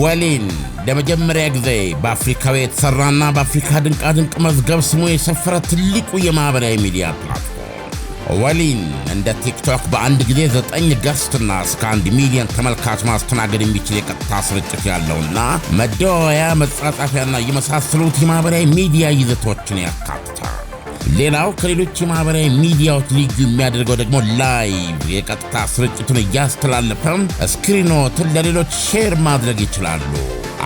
ወሊን ለመጀመሪያ ጊዜ በአፍሪካዊ የተሠራና በአፍሪካ ድንቃድንቅ መዝገብ ስሙ የሰፈረ ትልቁ የማኅበራዊ ሚዲያ ፕላትፎርም ወሊን እንደ ቲክቶክ በአንድ ጊዜ ዘጠኝ ገስትና እስከ አንድ ሚሊዮን ተመልካች ማስተናገድ የሚችል የቀጥታ ስርጭት ያለውና መደዋወያ፣ መጻጻፊያና የመሳሰሉት የማኅበራዊ ሚዲያ ይዘቶችን ያካትታል። ሌላው ከሌሎች የማህበራዊ ሚዲያዎች ልዩ የሚያደርገው ደግሞ ላይቭ የቀጥታ ስርጭቱን እያስተላለፈም ስክሪኖትን ለሌሎች ሼር ማድረግ ይችላሉ።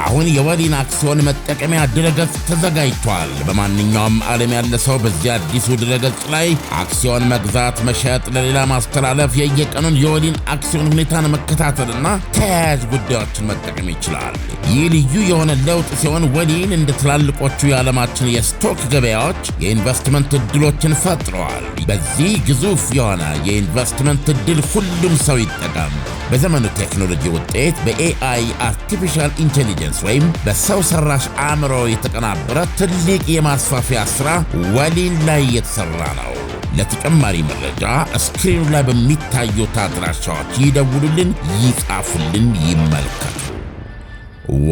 አሁን የወሊን አክሲዮን መጠቀሚያ ድረገጽ ተዘጋጅቷል። በማንኛውም ዓለም ያለ ሰው በዚህ አዲሱ ድረገጽ ላይ አክሲዮን መግዛት፣ መሸጥ፣ ለሌላ ማስተላለፍ፣ የየቀኑን የወሊን አክሲዮን ሁኔታን መከታተልና ተያያዥ ጉዳዮችን መጠቀም ይችላል። ይህ ልዩ የሆነ ለውጥ ሲሆን ወሊን እንደ ትላልቆቹ የዓለማችን የስቶክ ገበያዎች የኢንቨስትመንት እድሎችን ፈጥረዋል። በዚህ ግዙፍ የሆነ የኢንቨስትመንት እድል ሁሉም ሰው ይጠቀም። በዘመኑ ቴክኖሎጂ ውጤት በኤአይ አርቲፊሻል ኢንቴሊጀንስ ወይም በሰው ሰራሽ አእምሮ የተቀናበረ ትልቅ የማስፋፊያ ሥራ ወሊል ላይ እየተሠራ ነው። ለተጨማሪ መረጃ ስክሪኑ ላይ በሚታዩት አድራሻዎች ይደውሉልን፣ ይጻፉልን፣ ይመልከቱ።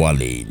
ወሊል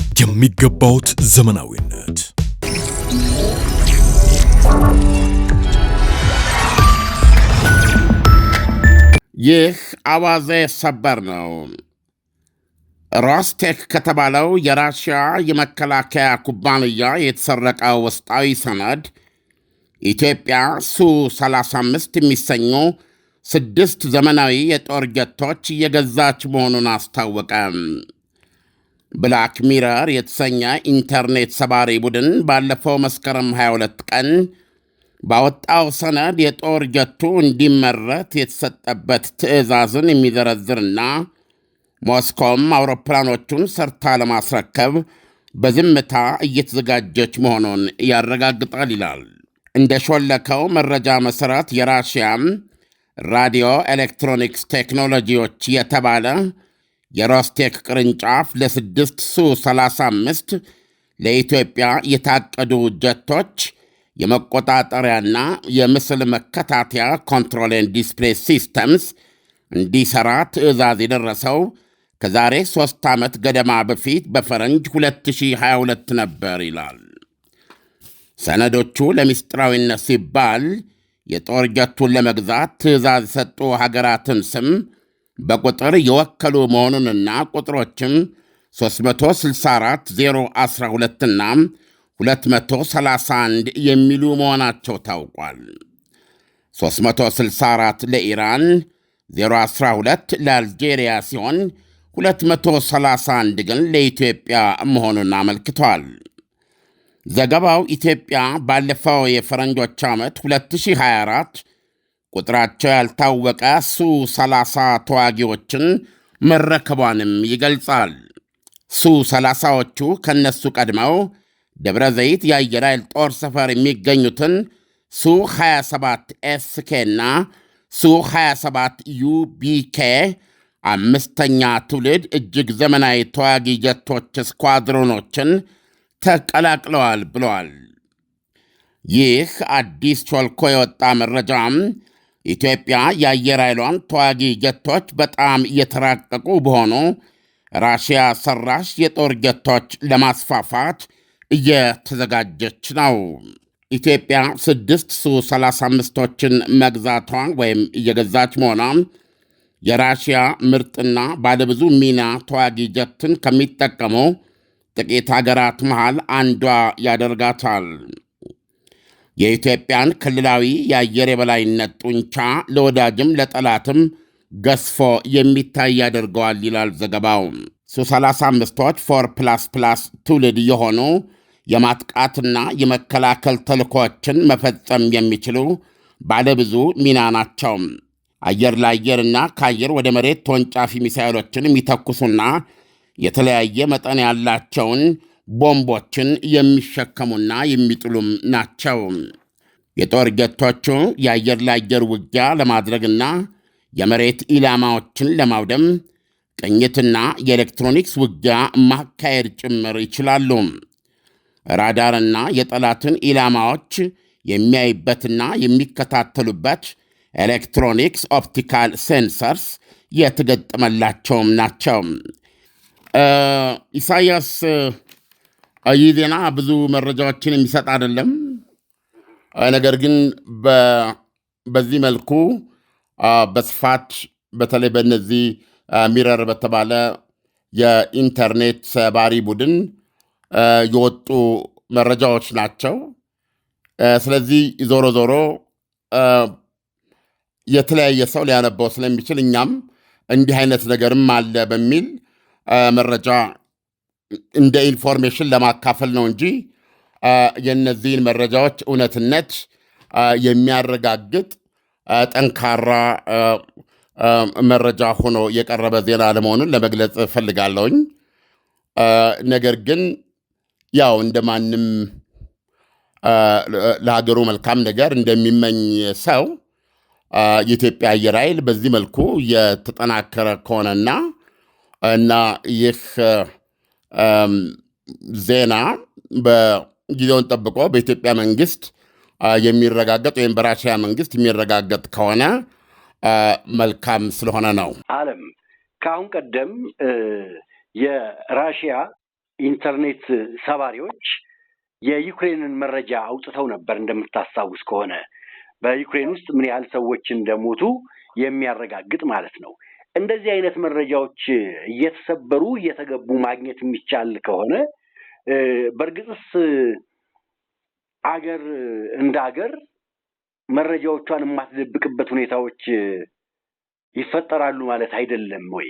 የሚገባውት ዘመናዊነት ይህ አዋዜ ሰበር ነው። ሮስቴክ ከተባለው የራሽያ የመከላከያ ኩባንያ የተሰረቀ ውስጣዊ ሰነድ ኢትዮጵያ ሱ 35 የሚሰኙ ስድስት ዘመናዊ የጦር ጀቶች እየገዛች መሆኑን አስታወቀ። ብላክ ሚረር የተሰኘ ኢንተርኔት ሰባሪ ቡድን ባለፈው መስከረም 22 ቀን ባወጣው ሰነድ የጦር ጀቱ እንዲመረት የተሰጠበት ትዕዛዝን የሚዘረዝርና ሞስኮም አውሮፕላኖቹን ሰርታ ለማስረከብ በዝምታ እየተዘጋጀች መሆኑን ያረጋግጣል ይላል። እንደ ሾለከው መረጃ መሠረት የራሽያም ራዲዮ ኤሌክትሮኒክስ ቴክኖሎጂዎች የተባለ የሮስቴክ ቅርንጫፍ ለስድስት ሱ 35 ለኢትዮጵያ የታቀዱ ጀቶች የመቆጣጠሪያና የምስል መከታተያ ኮንትሮልን ዲስፕሌ ሲስተምስ እንዲሠራ ትዕዛዝ የደረሰው ከዛሬ ሦስት ዓመት ገደማ በፊት በፈረንጅ 2022 ነበር ይላል። ሰነዶቹ ለምስጢራዊነት ሲባል የጦር ጀቱን ለመግዛት ትዕዛዝ የሰጡ ሀገራትን ስም በቁጥር የወከሉ መሆኑንና ቁጥሮችን 364012 እና 231 የሚሉ መሆናቸው ታውቋል። 364 ለኢራን፣ 012 ለአልጄሪያ ሲሆን 231 ግን ለኢትዮጵያ መሆኑን አመልክቷል። ዘገባው ኢትዮጵያ ባለፈው የፈረንጆች ዓመት 2024 ቁጥራቸው ያልታወቀ ሱ 30 ተዋጊዎችን መረከቧንም ይገልጻል። ሱ 30ዎቹ ከነሱ ቀድመው ደብረ ዘይት የአየር ኃይል ጦር ሰፈር የሚገኙትን ሱ 27 ኤስኬ እና ሱ 27 ዩቢኬ አምስተኛ ትውልድ እጅግ ዘመናዊ ተዋጊ ጀቶች ስኳድሮኖችን ተቀላቅለዋል ብለዋል። ይህ አዲስ ሾልኮ የወጣ መረጃም ኢትዮጵያ የአየር ኃይሏን ተዋጊ ጀቶች በጣም እየተራቀቁ በሆኑ ራሽያ ሰራሽ የጦር ጀቶች ለማስፋፋት እየተዘጋጀች ነው። ኢትዮጵያ ስድስት ሱ 35ቶችን መግዛቷ ወይም እየገዛች መሆኗ የራሽያ ምርጥና ባለብዙ ሚና ተዋጊ ጀትን ከሚጠቀሙ ጥቂት አገራት መሃል አንዷ ያደርጋታል። የኢትዮጵያን ክልላዊ የአየር የበላይነት ጡንቻ ለወዳጅም ለጠላትም ገዝፎ የሚታይ ያደርገዋል ይላል ዘገባው። ሱ-35ቶች ፎር ፕላስ ፕላስ ትውልድ የሆኑ የማጥቃትና የመከላከል ተልኮችን መፈጸም የሚችሉ ባለብዙ ሚና ናቸው። አየር ለአየርና ከአየር ወደ መሬት ተወንጫፊ ሚሳይሎችን የሚተኩሱና የተለያየ መጠን ያላቸውን ቦምቦችን የሚሸከሙና የሚጥሉም ናቸው። የጦር ጀቶቹ የአየር ለአየር ውጊያ ለማድረግና የመሬት ኢላማዎችን ለማውደም ቅኝትና የኤሌክትሮኒክስ ውጊያ ማካሄድ ጭምር ይችላሉ። ራዳርና የጠላትን ኢላማዎች የሚያይበትና የሚከታተሉበት ኤሌክትሮኒክስ ኦፕቲካል ሴንሰርስ የተገጠመላቸውም ናቸው። ኢሳያስ ይህ ዜና ብዙ መረጃዎችን የሚሰጥ አይደለም። ነገር ግን በዚህ መልኩ በስፋት በተለይ በእነዚህ ሚረር በተባለ የኢንተርኔት ሰባሪ ቡድን የወጡ መረጃዎች ናቸው። ስለዚህ ዞሮ ዞሮ የተለያየ ሰው ሊያነበው ስለሚችል እኛም እንዲህ አይነት ነገርም አለ በሚል መረጃ እንደ ኢንፎርሜሽን ለማካፈል ነው እንጂ የእነዚህን መረጃዎች እውነትነት የሚያረጋግጥ ጠንካራ መረጃ ሆኖ የቀረበ ዜና ለመሆኑን ለመግለጽ እፈልጋለሁኝ። ነገር ግን ያው እንደ ማንም ለሀገሩ መልካም ነገር እንደሚመኝ ሰው የኢትዮጵያ አየር ኃይል በዚህ መልኩ የተጠናከረ ከሆነና እና ይህ ዜና በጊዜውን ጠብቆ በኢትዮጵያ መንግስት የሚረጋገጥ ወይም በራሽያ መንግስት የሚረጋገጥ ከሆነ መልካም ስለሆነ ነው። አለም ከአሁን ቀደም የራሽያ ኢንተርኔት ሰባሪዎች የዩክሬንን መረጃ አውጥተው ነበር። እንደምታስታውስ ከሆነ በዩክሬን ውስጥ ምን ያህል ሰዎች እንደሞቱ የሚያረጋግጥ ማለት ነው። እንደዚህ አይነት መረጃዎች እየተሰበሩ እየተገቡ ማግኘት የሚቻል ከሆነ በእርግጥስ አገር እንደ አገር መረጃዎቿን የማትደብቅበት ሁኔታዎች ይፈጠራሉ ማለት አይደለም ወይ?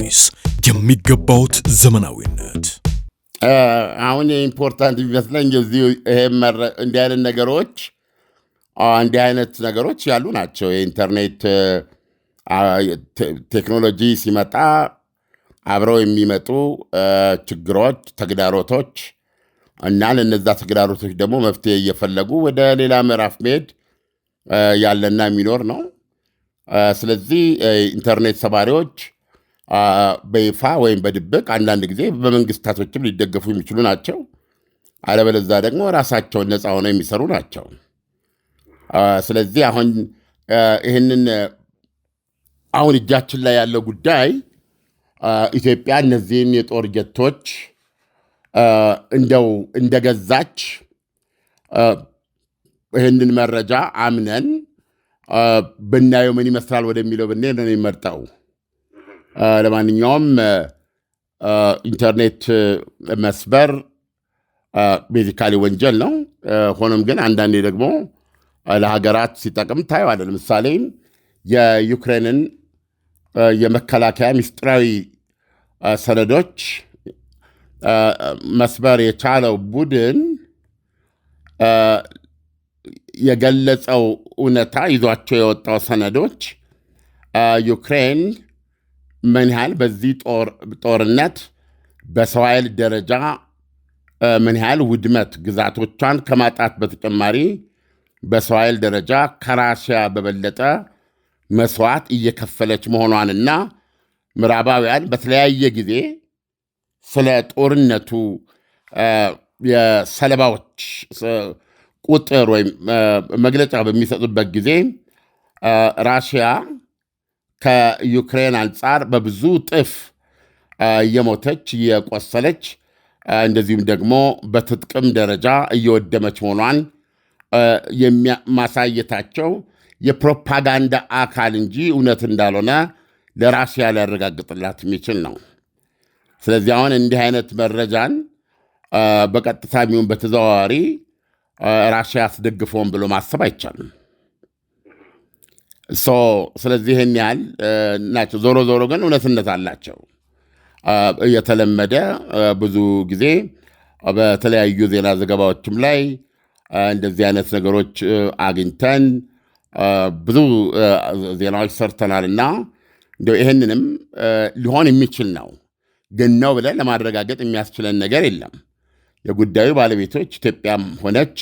ወይስ የሚገባውት ዘመናዊነት? አሁን ኢምፖርታንት የሚመስለኝ እዚህ እንዲህ አይነት ነገሮች እንዲህ አይነት ነገሮች ያሉ ናቸው። የኢንተርኔት ቴክኖሎጂ ሲመጣ አብረው የሚመጡ ችግሮች፣ ተግዳሮቶች እና ለነዛ ተግዳሮቶች ደግሞ መፍትሄ እየፈለጉ ወደ ሌላ ምዕራፍ መሄድ ያለና የሚኖር ነው። ስለዚህ ኢንተርኔት ሰባሪዎች በይፋ ወይም በድብቅ አንዳንድ ጊዜ በመንግስታቶችም ሊደገፉ የሚችሉ ናቸው። አለበለዛ ደግሞ ራሳቸውን ነፃ ሆነው የሚሰሩ ናቸው። ስለዚህ አሁን ይህንን አሁን እጃችን ላይ ያለው ጉዳይ ኢትዮጵያ እነዚህን የጦር ጀቶች እንደው እንደገዛች ይህንን መረጃ አምነን ብናየው ምን ይመስላል ወደሚለው ብንሄድ ነው የሚመርጠው። ለማንኛውም ኢንተርኔት መስበር ቤዚካሊ ወንጀል ነው። ሆኖም ግን አንዳንዴ ደግሞ ለሀገራት ሲጠቅም ታየዋለ። ለምሳሌ የዩክሬንን የመከላከያ ሚስጥራዊ ሰነዶች መስበር የቻለው ቡድን የገለጸው እውነታ ይዟቸው የወጣው ሰነዶች ዩክሬን ምን ያህል በዚህ ጦርነት በሰው ኃይል ደረጃ ምን ያህል ውድመት ግዛቶቿን ከማጣት በተጨማሪ በሰው ኃይል ደረጃ ከራሽያ በበለጠ መስዋዕት እየከፈለች መሆኗንና ምዕራባውያን በተለያየ ጊዜ ስለ ጦርነቱ የሰለባዎች ቁጥር ወይም መግለጫ በሚሰጡበት ጊዜ ራሽያ ከዩክሬን አንጻር በብዙ ጥፍ እየሞተች እየቆሰለች እንደዚሁም ደግሞ በትጥቅም ደረጃ እየወደመች መሆኗን ማሳየታቸው የፕሮፓጋንዳ አካል እንጂ እውነት እንዳልሆነ ለራሽያ ሊያረጋግጥላት የሚችል ነው። ስለዚህ አሁን እንዲህ አይነት መረጃን በቀጥታ የሚሆን በተዘዋዋሪ ራሽያ አስደግፈውን ብሎ ማሰብ አይቻልም። ስለዚህ ይህን ያህል ናቸው። ዞሮ ዞሮ ግን እውነትነት አላቸው። የተለመደ ብዙ ጊዜ በተለያዩ ዜና ዘገባዎችም ላይ እንደዚህ አይነት ነገሮች አግኝተን ብዙ ዜናዎች ሰርተናል እና እንደው ይህንንም ሊሆን የሚችል ነው ግን ነው ብለን ለማረጋገጥ የሚያስችለን ነገር የለም። የጉዳዩ ባለቤቶች ኢትዮጵያም ሆነች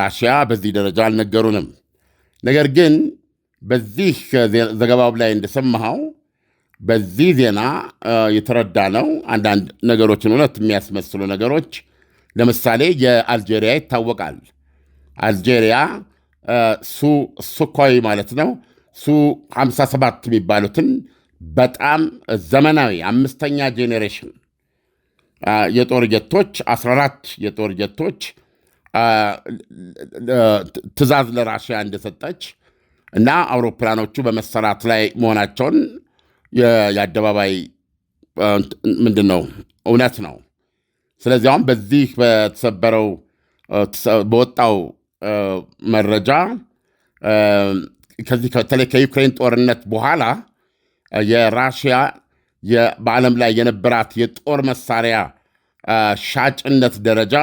ራሽያ በዚህ ደረጃ አልነገሩንም። ነገር ግን በዚህ ዘገባው ላይ እንደሰማኸው በዚህ ዜና የተረዳ ነው አንዳንድ ነገሮችን እውነት የሚያስመስሉ ነገሮች። ለምሳሌ የአልጄሪያ ይታወቃል። አልጄሪያ ሱ ሱኮይ ማለት ነው ሱ 57 የሚባሉትን በጣም ዘመናዊ አምስተኛ ጄኔሬሽን የጦር ጀቶች 14 የጦር ጀቶች ትዕዛዝ ለራሽያ እንደሰጠች እና አውሮፕላኖቹ በመሰራት ላይ መሆናቸውን የአደባባይ ምንድን ነው እውነት ነው። ስለዚህ አሁን በዚህ በተሰበረው በወጣው መረጃ ከዚህ በተለይ ከዩክሬን ጦርነት በኋላ የራሽያ በዓለም ላይ የነበራት የጦር መሳሪያ ሻጭነት ደረጃ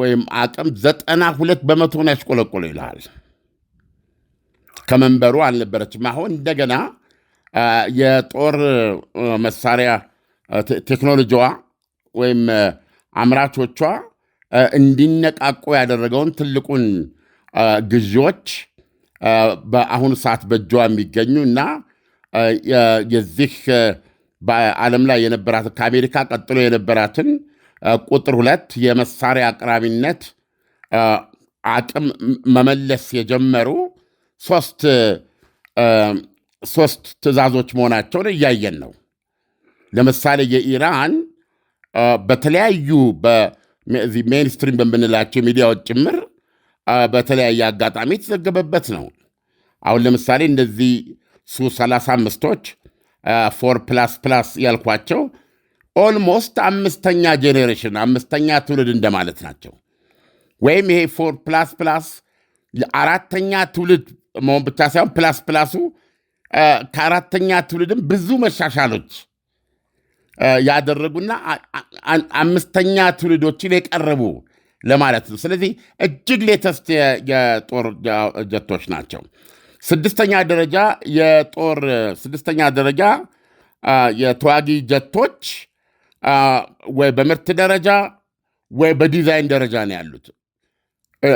ወይም አቅም ዘጠና ሁለት በመቶ ነው ያሽቆለቆለ ይልሃል። ከመንበሩ አልነበረችም። አሁን እንደገና የጦር መሳሪያ ቴክኖሎጂዋ ወይም አምራቾቿ እንዲነቃቁ ያደረገውን ትልቁን ግዢዎች በአሁኑ ሰዓት በእጇ የሚገኙ እና የዚህ በዓለም ላይ የነበራትን ከአሜሪካ ቀጥሎ የነበራትን ቁጥር ሁለት የመሳሪያ አቅራቢነት አቅም መመለስ የጀመሩ ሶስት ሶስት ትእዛዞች መሆናቸውን እያየን ነው። ለምሳሌ የኢራን በተለያዩ ሜንስትሪም በምንላቸው ሚዲያዎች ጭምር በተለያየ አጋጣሚ የተዘገበበት ነው። አሁን ለምሳሌ እነዚህ ሱ 35ቶች ፎር ፕላስ ፕላስ ያልኳቸው ኦልሞስት አምስተኛ ጄኔሬሽን አምስተኛ ትውልድ እንደማለት ናቸው። ወይም ይሄ ፎር ፕላስ ፕላስ አራተኛ ትውልድ መሆን ብቻ ሳይሆን ፕላስ ፕላሱ ከአራተኛ ትውልድም ብዙ መሻሻሎች ያደረጉና አምስተኛ ትውልዶችን የቀረቡ ለማለት ነው። ስለዚህ እጅግ ሌተስት የጦር ጀቶች ናቸው። ስድስተኛ ደረጃ የጦር ስድስተኛ ደረጃ የተዋጊ ጀቶች ወይ በምርት ደረጃ ወይ በዲዛይን ደረጃ ነው ያሉት።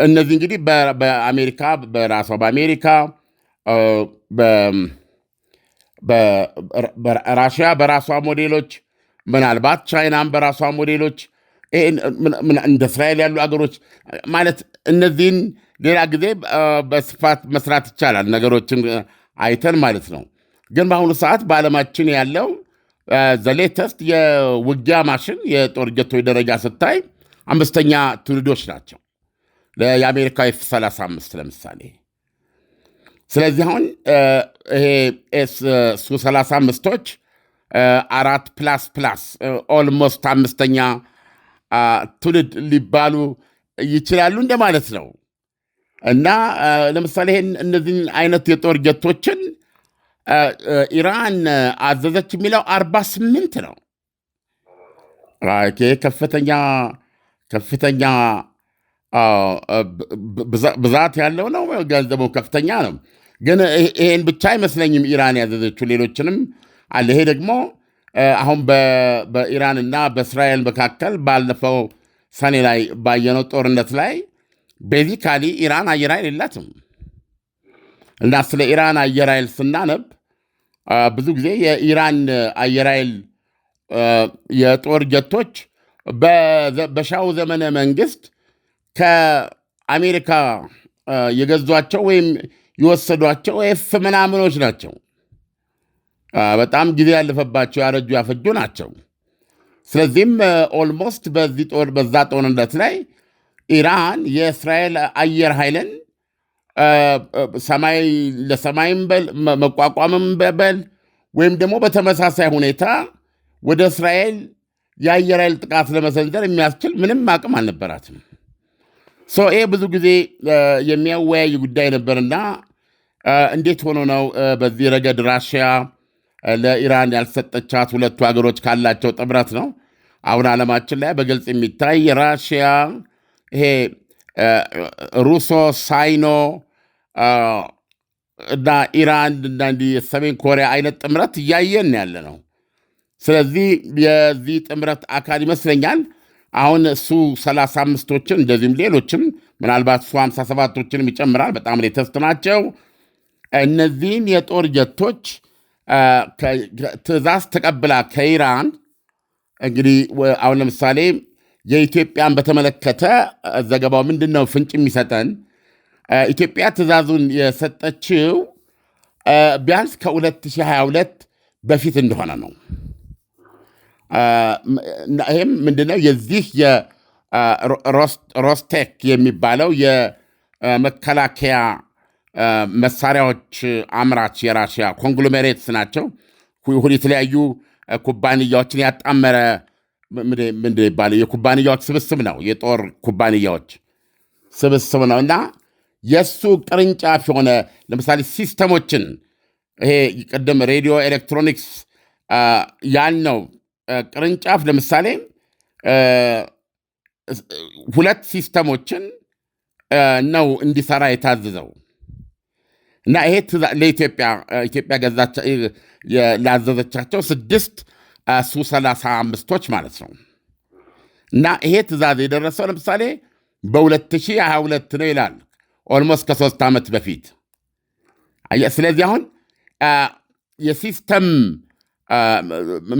እነዚህ እንግዲህ በአሜሪካ በራሷ በአሜሪካ ራሽያ በራሷ ሞዴሎች ምናልባት ቻይናም በራሷ ሞዴሎች እንደ እስራኤል ያሉ አገሮች ማለት እነዚህን ሌላ ጊዜ በስፋት መስራት ይቻላል፣ ነገሮችን አይተን ማለት ነው። ግን በአሁኑ ሰዓት በዓለማችን ያለው ዘሌተስት የውጊያ ማሽን የጦር ጀቶች ደረጃ ስታይ አምስተኛ ትውልዶች ናቸው። የአሜሪካ ኤፍ 35 ለምሳሌ። ስለዚህ አሁን ይሄ ሱ 35ቶች አራት ፕላስ ፕላስ ኦልሞስት አምስተኛ ትውልድ ሊባሉ ይችላሉ እንደማለት ነው። እና ለምሳሌ ይህን እነዚህን አይነት የጦር ጀቶችን ኢራን አዘዘች የሚለው አርባ ስምንት ነው። ከፍተኛ ከፍተኛ ብዛት ያለው ነው። ገንዘቡ ከፍተኛ ነው። ግን ይሄን ብቻ አይመስለኝም ኢራን ያዘዘችው ሌሎችንም አለ። ይሄ ደግሞ አሁን በኢራን እና በእስራኤል መካከል ባለፈው ሰኔ ላይ ባየነው ጦርነት ላይ ቤዚካሊ ኢራን አየር ኃይል የላትም እና ስለ ኢራን አየር ኃይል ስናነብ ብዙ ጊዜ የኢራን አየር ኃይል የጦር ጀቶች በሻው ዘመነ መንግስት ከአሜሪካ የገዟቸው ወይም የወሰዷቸው ኤፍ ምናምኖች ናቸው። በጣም ጊዜ ያለፈባቸው ያረጁ ያፈጁ ናቸው። ስለዚህም ኦልሞስት በዚህ ጦር በዛ ጦርነት ላይ ኢራን የእስራኤል አየር ኃይልን ሰማይ ለሰማይም በል መቋቋምም በል ወይም ደግሞ በተመሳሳይ ሁኔታ ወደ እስራኤል የአየር ኃይል ጥቃት ለመሰንዘር የሚያስችል ምንም አቅም አልነበራትም። ሶ ይሄ ብዙ ጊዜ የሚያወያይ ጉዳይ ነበርና እንዴት ሆኖ ነው በዚህ ረገድ ራሽያ ለኢራን ያልሰጠቻት ሁለቱ ሀገሮች ካላቸው ጥምረት ነው። አሁን ዓለማችን ላይ በግልጽ የሚታይ ራሽያ ይሄ ሩሶ ሳይኖ እና ኢራን እና እንዲህ የሰሜን ኮሪያ አይነት ጥምረት እያየን ያለ ነው። ስለዚህ የዚህ ጥምረት አካል ይመስለኛል አሁን እሱ ሰላሳ አምስቶችን እንደዚሁም ሌሎችም ምናልባት እሱ ሀምሳ ሰባቶችንም ይጨምራል። በጣም ሌተስት ናቸው። እነዚህን የጦር ጀቶች ትዕዛዝ ተቀብላ ከኢራን እንግዲህ አሁን ለምሳሌ የኢትዮጵያን በተመለከተ ዘገባው ምንድን ነው ፍንጭ የሚሰጠን? ኢትዮጵያ ትዕዛዙን የሰጠችው ቢያንስ ከ2022 በፊት እንደሆነ ነው። ይህም ምንድነው የዚህ የሮስቴክ የሚባለው የመከላከያ መሳሪያዎች አምራች የራሽያ ኮንግሎሜሬትስ ናቸው። የተለያዩ ኩባንያዎችን ያጣመረ ምንድን ይባለ የኩባንያዎች ስብስብ ነው። የጦር ኩባንያዎች ስብስብ ነው እና የእሱ ቅርንጫፍ የሆነ ለምሳሌ ሲስተሞችን ይሄ ቅድም ሬዲዮ ኤሌክትሮኒክስ ያን ነው ቅርንጫፍ ለምሳሌ ሁለት ሲስተሞችን ነው እንዲሰራ የታዘዘው እና ይሄ ለኢትዮጵያ ኢትዮጵያ ላዘዘቻቸው ስድስት ሱ ሰላሳ አምስቶች ማለት ነው። እና ይሄ ትእዛዝ የደረሰው ለምሳሌ በ2022 ነው ይላል። ኦልሞስት ከሶስት ዓመት በፊት። ስለዚህ አሁን የሲስተም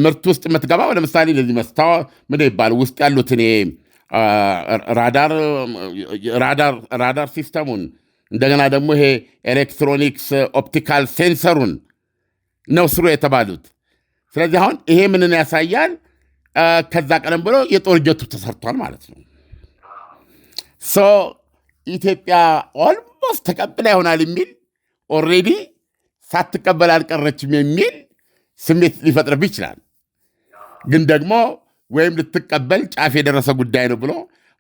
ምርት ውስጥ የምትገባው ለምሳሌ ለዚህ መስታወ ምን ይባል ውስጥ ያሉትን ራዳር ሲስተሙን እንደገና ደግሞ ይሄ ኤሌክትሮኒክስ ኦፕቲካል ሴንሰሩን ነው ስሩ የተባሉት። ስለዚህ አሁን ይሄ ምንን ያሳያል? ከዛ ቀደም ብሎ የጦር ጀቱ ተሰርቷል ማለት ነው። ሶ ኢትዮጵያ ኦልሞስት ተቀብላ ይሆናል የሚል ኦሬዲ ሳትቀበል አልቀረችም የሚል ስሜት ሊፈጥርብህ ይችላል። ግን ደግሞ ወይም ልትቀበል ጫፍ የደረሰ ጉዳይ ነው ብሎ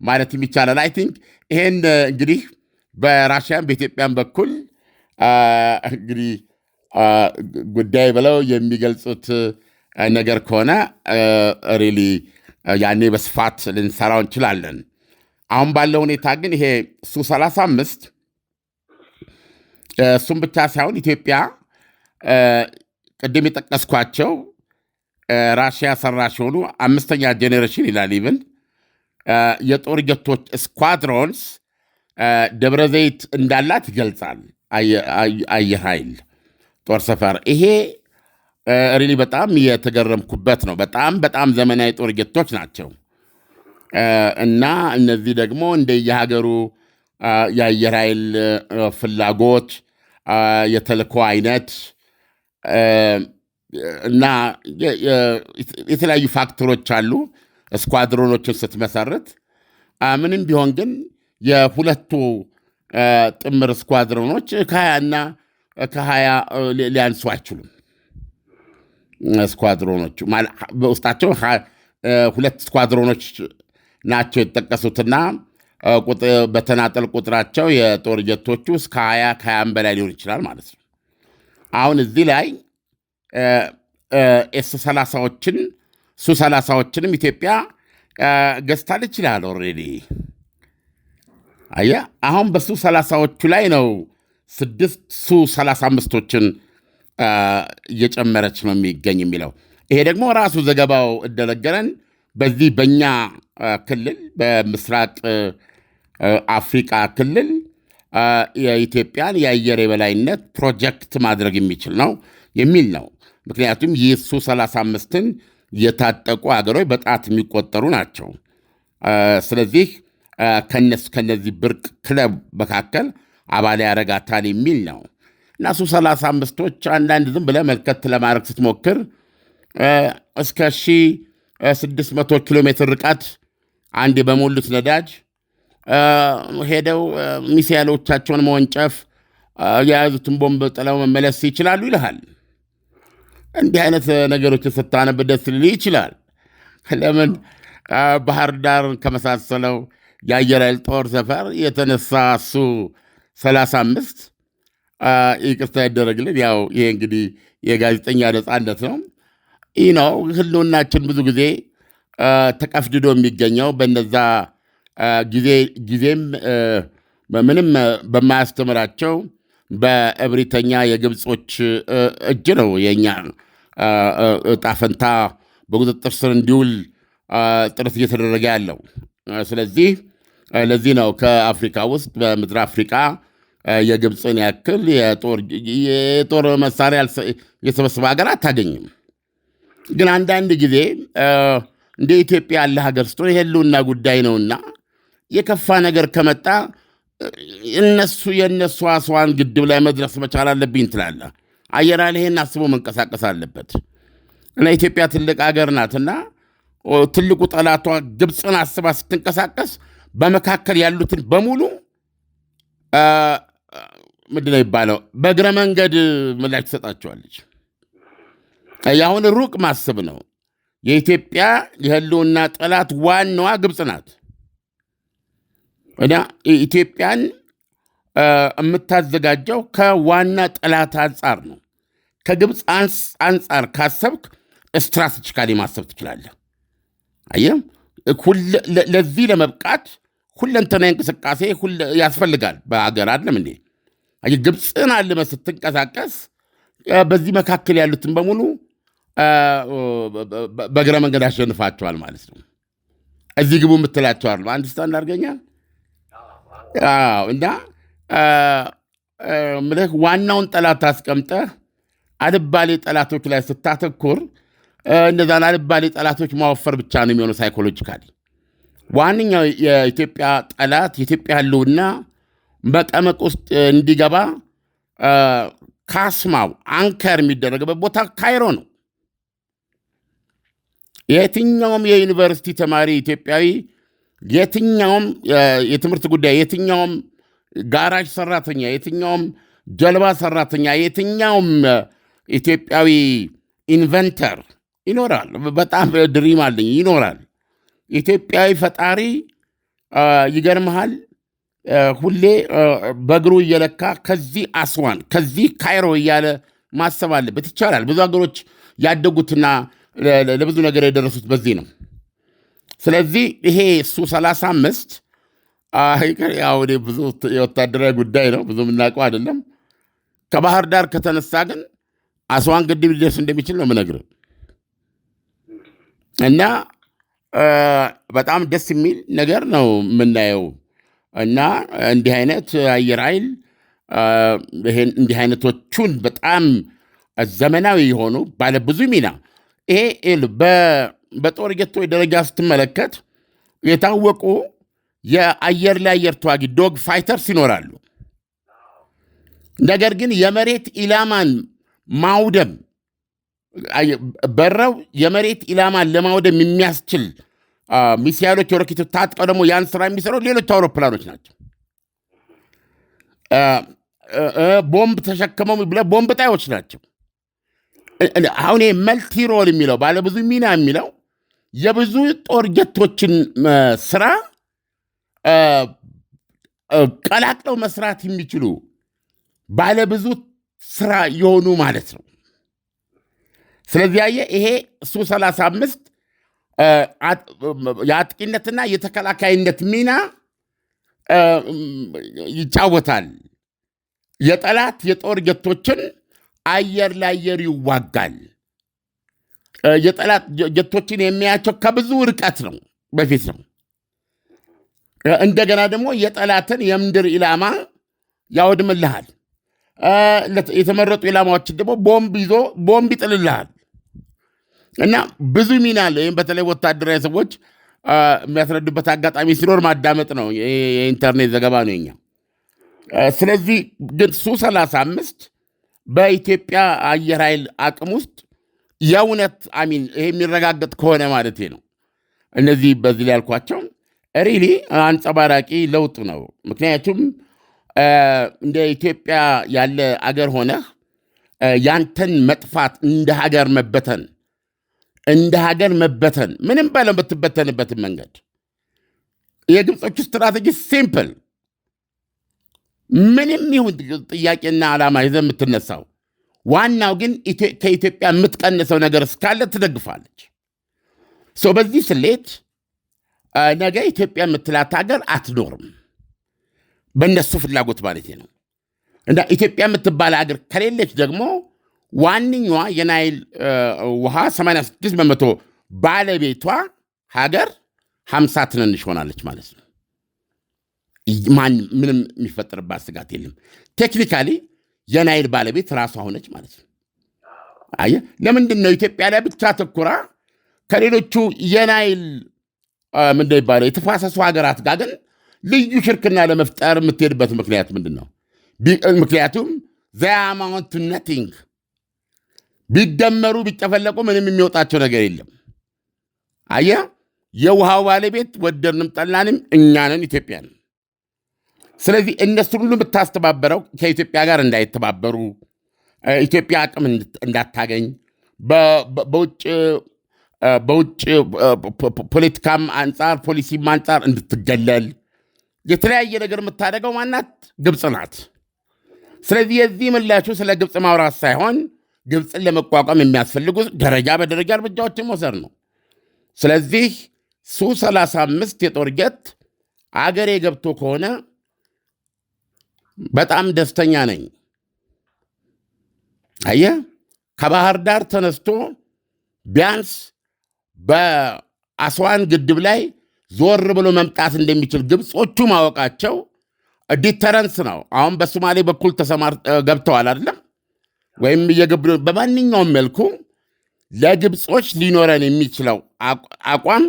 ማለትም ይቻላል። አይ ቲንክ ይሄን እንግዲህ በራሽያን በኢትዮጵያን በኩል እንግዲህ ጉዳይ ብለው የሚገልጹት ነገር ከሆነ ሪሊ ያኔ በስፋት ልንሰራው እንችላለን። አሁን ባለው ሁኔታ ግን ይሄ ሱ 35 እሱም ብቻ ሳይሆን ኢትዮጵያ ቅድም የጠቀስኳቸው ራሽያ ሰራሽ የሆኑ አምስተኛ ጄኔሬሽን ይላል ኢቭን የጦር ጀቶች ስኳድሮንስ ደብረ ዘይት እንዳላት ይገልጻል። አየር ኃይል ጦር ሰፈር ይሄ ሪሊ በጣም የተገረምኩበት ነው። በጣም በጣም ዘመናዊ ጦር ጀቶች ናቸው እና እነዚህ ደግሞ እንደየሀገሩ የአየር ኃይል ፍላጎት የተልእኮ አይነት እና የተለያዩ ፋክተሮች አሉ። ስኳድሮኖችን ስትመሰርት ምንም ቢሆን ግን የሁለቱ ጥምር ስኳድሮኖች ከሀያና ከሀያ ሊያንሱ አይችሉም። ስኳድሮኖቹ በውስጣቸው ሁለት ስኳድሮኖች ናቸው የተጠቀሱትና በተናጠል ቁጥራቸው የጦር ጀቶቹ እስከ ሀያ ከሀያም በላይ ሊሆን ይችላል ማለት ነው። አሁን እዚህ ላይ ኤስ ሰላሳዎችን ሱ ሰላሳዎችንም ኢትዮጵያ ገዝታለች ይላል። ኦልሬዲ አየህ፣ አሁን በሱ ሰላሳዎቹ ላይ ነው ስድስት ሱ ሰላሳ አምስቶችን እየጨመረች ነው የሚገኝ የሚለው ይሄ ደግሞ ራሱ ዘገባው እንደነገረን በዚህ በእኛ ክልል በምስራቅ አፍሪቃ ክልል የኢትዮጵያን የአየር የበላይነት ፕሮጀክት ማድረግ የሚችል ነው የሚል ነው። ምክንያቱም ይህ ሱ 35ን የታጠቁ አገሮች በጣት የሚቆጠሩ ናቸው። ስለዚህ ከነሱ ከነዚህ ብርቅ ክለብ መካከል አባል ያረጋታል የሚል ነው እና ሱ 35ቶች አንዳንድ ዝም ብለህ መልከት ለማድረግ ስትሞክር እስከ 1600 ኪሎ ሜትር ርቀት አንድ በሞሉት ነዳጅ ሄደው ሚሳይሎቻቸውን መወንጨፍ፣ የያዙትን ቦምብ ጥለው መመለስ ይችላሉ ይልሃል። እንዲህ አይነት ነገሮች ስታነብ ደስ ሊል ይችላል። ለምን ባህር ዳር ከመሳሰለው የአየር ኃይል ጦር ሰፈር የተነሳ እሱ 35 ይቅርታ ያደረግልን። ያው ይሄ እንግዲህ የጋዜጠኛ ነፃነት ነው። ይህ ነው ህልውናችን ብዙ ጊዜ ተቀፍድዶ የሚገኘው በነዛ ጊዜም ምንም በማያስተምራቸው በእብሪተኛ የግብጾች እጅ ነው የእኛ ጣፈንታ በቁጥጥር ስር እንዲውል ጥረት እየተደረገ ያለው። ስለዚህ ለዚህ ነው ከአፍሪካ ውስጥ በምድር አፍሪካ የግብፅን ያክል የጦር መሳሪያ የሰበሰበ ሀገር አታገኝም። ግን አንዳንድ ጊዜ እንደ ኢትዮጵያ ያለ ሀገር ስትሆን የህልውና ጉዳይ ነውና የከፋ ነገር ከመጣ እነሱ የእነሱ አስዋን ግድብ ላይ መድረስ መቻል አለብኝ ትላለ። አየር ይሄን አስቦ መንቀሳቀስ አለበት እና ኢትዮጵያ ትልቅ አገር ናትና ትልቁ ጠላቷ ግብፅን አስባ ስትንቀሳቀስ በመካከል ያሉትን በሙሉ ምንድን ነው የሚባለው በእግረ መንገድ ምላሽ ትሰጣቸዋለች። የአሁን ሩቅ ማስብ ነው። የኢትዮጵያ የህልውና ጠላት ዋናዋ ግብፅ ናት። እና ኢትዮጵያን የምታዘጋጀው ከዋና ጠላት አንጻር ነው። ከግብፅ አንጻር ካሰብክ ስትራቴጂካሊ ማሰብ ትችላለህ። አየህ፣ ለዚህ ለመብቃት ሁለንተና እንቅስቃሴ ያስፈልጋል። በሀገር አለም እንዴ ግብፅን አልመ ስትንቀሳቀስ በዚህ መካከል ያሉትን በሙሉ በእግረ መንገድ አሸንፋቸዋል ማለት ነው። እዚህ ግቡ የምትላቸዋል አንድ ስታንድ አድርገኛል እና ምልህ ዋናውን ጠላት አስቀምጠህ አልባሌ ጠላቶች ላይ ስታተኩር እነዛን አልባሌ ጠላቶች ማወፈር ብቻ ነው የሚሆነው። ሳይኮሎጂካል ዋነኛው የኢትዮጵያ ጠላት የኢትዮጵያ ህልውና መቀመቅ ውስጥ እንዲገባ ካስማው አንከር የሚደረግበት ቦታ ካይሮ ነው። የትኛውም የዩኒቨርሲቲ ተማሪ ኢትዮጵያዊ የትኛውም የትምህርት ጉዳይ፣ የትኛውም ጋራጅ ሰራተኛ፣ የትኛውም ጀልባ ሰራተኛ፣ የትኛውም ኢትዮጵያዊ ኢንቨንተር ይኖራል። በጣም ድሪም አለኝ ይኖራል። ኢትዮጵያዊ ፈጣሪ ይገርመሃል፣ ሁሌ በእግሩ እየለካ ከዚህ አስዋን ከዚህ ካይሮ እያለ ማሰብ አለበት። ይቻላል። ብዙ ሀገሮች ያደጉትና ለብዙ ነገር የደረሱት በዚህ ነው። ስለዚህ ይሄ እሱ 35 ያው እኔ ብዙ የወታደራዊ ጉዳይ ነው ብዙ የምናውቀው አይደለም። ከባህር ዳር ከተነሳ ግን አስዋን ግድብ ሊደርስ እንደሚችል ነው የምነግርህ እና በጣም ደስ የሚል ነገር ነው የምናየው እና እንዲህ አይነት አየር ኃይል እንዲህ አይነቶቹን በጣም ዘመናዊ የሆኑ ባለብዙ ሚና ይሄ በጦር ጀቶች ደረጃ ስትመለከት የታወቁ የአየር ለአየር ተዋጊ ዶግ ፋይተርስ ይኖራሉ። ነገር ግን የመሬት ኢላማን ማውደም በረው የመሬት ኢላማን ለማውደም የሚያስችል ሚሳይሎች የሮኬቶች ታጥቀው ደግሞ ያን ስራ የሚሰሩ ሌሎች አውሮፕላኖች ናቸው። ቦምብ ተሸክመው ቦምብ ጣዮች ናቸው። አሁን መልቲ ሮል የሚለው ባለብዙ ሚና የሚለው የብዙ ጦር ጀቶችን ስራ ቀላቅለው መስራት የሚችሉ ባለብዙ ስራ የሆኑ ማለት ነው። ስለዚህ ያየ ይሄ እሱ 35 የአጥቂነትና የተከላካይነት ሚና ይጫወታል። የጠላት የጦር ጀቶችን አየር ለአየር ይዋጋል። የጠላት ጀቶችን የሚያያቸው ከብዙ ርቀት ነው፣ በፊት ነው። እንደገና ደግሞ የጠላትን የምድር ኢላማ ያወድምልሃል። የተመረጡ ኢላማዎችን ደግሞ ቦምብ ይዞ ቦምብ ይጥልልሃል እና ብዙ ሚና አለ። ይህም በተለይ ወታደራዊ ሰዎች የሚያስረዱበት አጋጣሚ ሲኖር ማዳመጥ ነው። የኢንተርኔት ዘገባ ነው የኛ። ስለዚህ ግን ሱ 35 በኢትዮጵያ አየር ኃይል አቅም ውስጥ የእውነት አሚን ይሄ የሚረጋገጥ ከሆነ ማለት ነው። እነዚህ በዚህ ላይ ያልኳቸው ሪሊ አንጸባራቂ ለውጥ ነው። ምክንያቱም እንደ ኢትዮጵያ ያለ አገር ሆነህ ያንተን መጥፋት እንደ ሀገር መበተን እንደ ሀገር መበተን ምንም ባለው የምትበተንበትን መንገድ የግብጾቹ ስትራቴጂ ሲምፕል ምንም ይሁን ጥያቄና ዓላማ ይዘ የምትነሳው ዋናው ግን ከኢትዮጵያ የምትቀንሰው ነገር እስካለ ትደግፋለች። በዚህ ስሌት ነገ ኢትዮጵያ የምትላት ሀገር አትኖርም፣ በእነሱ ፍላጎት ማለት ነው። እና ኢትዮጵያ የምትባል ሀገር ከሌለች ደግሞ ዋነኛዋ የናይል ውሃ 86 በመቶ ባለቤቷ ሀገር 50 ትንንሽ ሆናለች ማለት ነው። ማን ምንም የሚፈጠርባት ስጋት የለም ቴክኒካሊ የናይል ባለቤት ራሷ ሆነች ማለት ነው። አየ ለምንድን ነው ኢትዮጵያ ላይ ብቻ ትኩራ ከሌሎቹ የናይል ምንድን ይባለው የተፋሰሱ ሀገራት ጋር ግን ልዩ ሽርክና ለመፍጠር የምትሄድበት ምክንያት ምንድን ነው? ምክንያቱም ዘያማውንት ነቲንግ ቢደመሩ ቢጨፈለቁ ምንም የሚወጣቸው ነገር የለም። አየ የውሃው ባለቤት ወደድንም ጠላንም እኛንን ኢትዮጵያን ስለዚህ እነሱን ሁሉ የምታስተባበረው ከኢትዮጵያ ጋር እንዳይተባበሩ ኢትዮጵያ አቅም እንዳታገኝ በውጭ ፖለቲካም አንጻር ፖሊሲም አንጻር እንድትገለል የተለያየ ነገር የምታደርገው ማናት? ግብፅ ናት። ስለዚህ የዚህ ምላሹ ስለ ግብፅ ማውራት ሳይሆን ግብፅን ለመቋቋም የሚያስፈልጉ ደረጃ በደረጃ እርምጃዎችን መውሰድ ነው። ስለዚህ ሱ 35 የጦር ጀት አገሬ ገብቶ ከሆነ በጣም ደስተኛ ነኝ። አየ ከባህር ዳር ተነስቶ ቢያንስ በአስዋን ግድብ ላይ ዞር ብሎ መምጣት እንደሚችል ግብጾቹ ማወቃቸው ዲተረንስ ነው። አሁን በሶማሌ በኩል ተሰማር ገብተዋል አይደለም ወይም እየገብ በማንኛውም መልኩ ለግብጾች ሊኖረን የሚችለው አቋም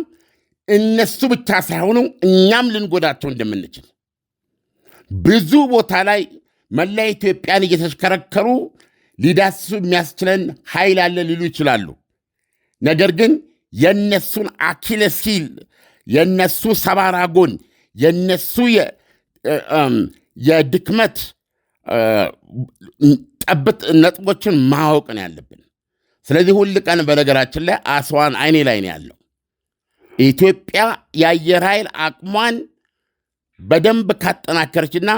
እነሱ ብቻ ሳይሆኑ እኛም ልንጎዳቸው እንደምንችል ብዙ ቦታ ላይ መላ ኢትዮጵያን እየተሽከረከሩ ሊዳስሱ የሚያስችለን ኃይል አለ ሊሉ ይችላሉ። ነገር ግን የነሱን አኪለስ ሂል የነሱ ሰባራ ጎን የነሱ የድክመት ጠብጥ ነጥቦችን ማወቅ ነው ያለብን። ስለዚህ ሁል ቀን በነገራችን ላይ አስዋን አይኔ ላይ ነው ያለው። ኢትዮጵያ የአየር ኃይል አቅሟን በደንብ ካጠናከረችና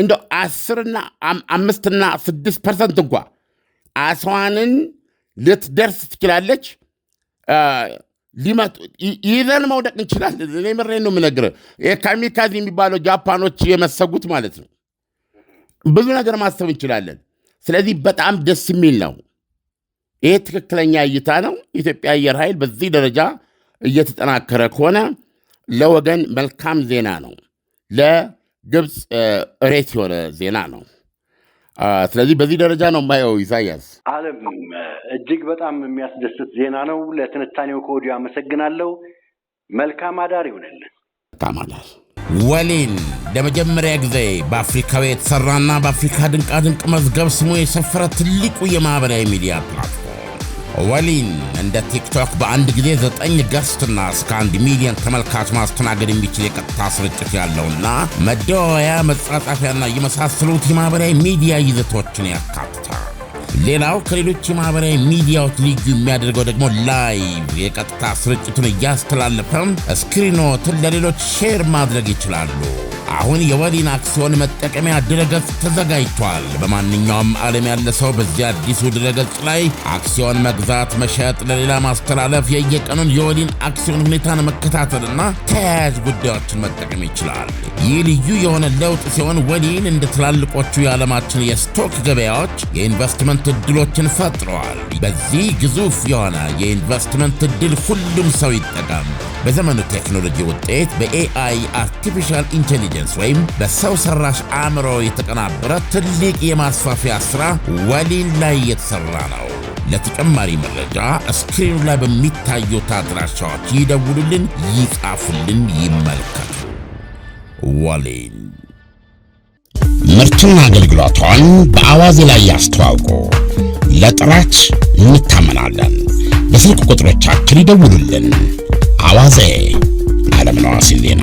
እንደ አስርና አምስትና ስድስት ፐርሰንት እንኳ አስዋንን ልትደርስ ትችላለች። ይዘን መውደቅ እንችላለን። እኔ ምሬ ነው የምነግርህ። ካሚካዝ የሚባለው ጃፓኖች የመሰጉት ማለት ነው። ብዙ ነገር ማሰብ እንችላለን። ስለዚህ በጣም ደስ የሚል ነው። ይህ ትክክለኛ እይታ ነው። የኢትዮጵያ አየር ኃይል በዚህ ደረጃ እየተጠናከረ ከሆነ ለወገን መልካም ዜና ነው። ለግብፅ እሬት የሆነ ዜና ነው። ስለዚህ በዚህ ደረጃ ነው የማየው። ኢሳያስ አለም፣ እጅግ በጣም የሚያስደስት ዜና ነው። ለትንታኔው ከወዲሁ አመሰግናለሁ። መልካም አዳር ይሆንልን። ታማላል ወሊን ለመጀመሪያ ጊዜ በአፍሪካዊ የተሰራና በአፍሪካ ድንቃድንቅ መዝገብ ስሙ የሰፈረ ትልቁ የማህበራዊ ሚዲያ ፕላትፎርም ወሊን እንደ ቲክቶክ በአንድ ጊዜ ዘጠኝ ገስትና እስከ አንድ ሚሊዮን ተመልካች ማስተናገድ የሚችል የቀጥታ ስርጭት ያለውና መደዋወያ፣ መጻጻፊያና የመሳሰሉት የማህበራዊ ሚዲያ ይዘቶችን ያካትታል። ሌላው ከሌሎች የማህበራዊ ሚዲያዎች ልዩ የሚያደርገው ደግሞ ላይቭ የቀጥታ ስርጭቱን እያስተላለፈም ስክሪኖትን ለሌሎች ሼር ማድረግ ይችላሉ። አሁን የወሊን አክሲዮን መጠቀሚያ ድረገጽ ተዘጋጅቷል። በማንኛውም ዓለም ያለ ሰው በዚህ አዲሱ ድረገጽ ላይ አክሲዮን መግዛት፣ መሸጥ፣ ለሌላ ማስተላለፍ፣ የየቀኑን የወሊን አክሲዮን ሁኔታን መከታተልና ተያያዥ ጉዳዮችን መጠቀም ይችላል። ይህ ልዩ የሆነ ለውጥ ሲሆን ወሊን እንደ ትላልቆቹ የዓለማችን የስቶክ ገበያዎች የኢንቨስትመንት እድሎችን ፈጥረዋል። በዚህ ግዙፍ የሆነ የኢንቨስትመንት እድል ሁሉም ሰው ይጠቀም። በዘመኑ ቴክኖሎጂ ውጤት በኤአይ አርቲፊሻል ኢንቴሊጀንስ ወይም በሰው ሰራሽ አእምሮ የተቀናበረ ትልቅ የማስፋፊያ ሥራ ወሊል ላይ እየተሠራ ነው። ለተጨማሪ መረጃ እስክሪኑ ላይ በሚታዩት አድራሻዎች ይደውሉልን፣ ይጻፉልን፣ ይመልከቱ። ወሊል ምርትና አገልግሎቷን በአዋዜ ላይ ያስተዋውቁ። ለጥራች እንታመናለን። በስልክ ቁጥሮቻችን ይደውሉልን። አዋዜ አለምነህ ዋሴ ዜና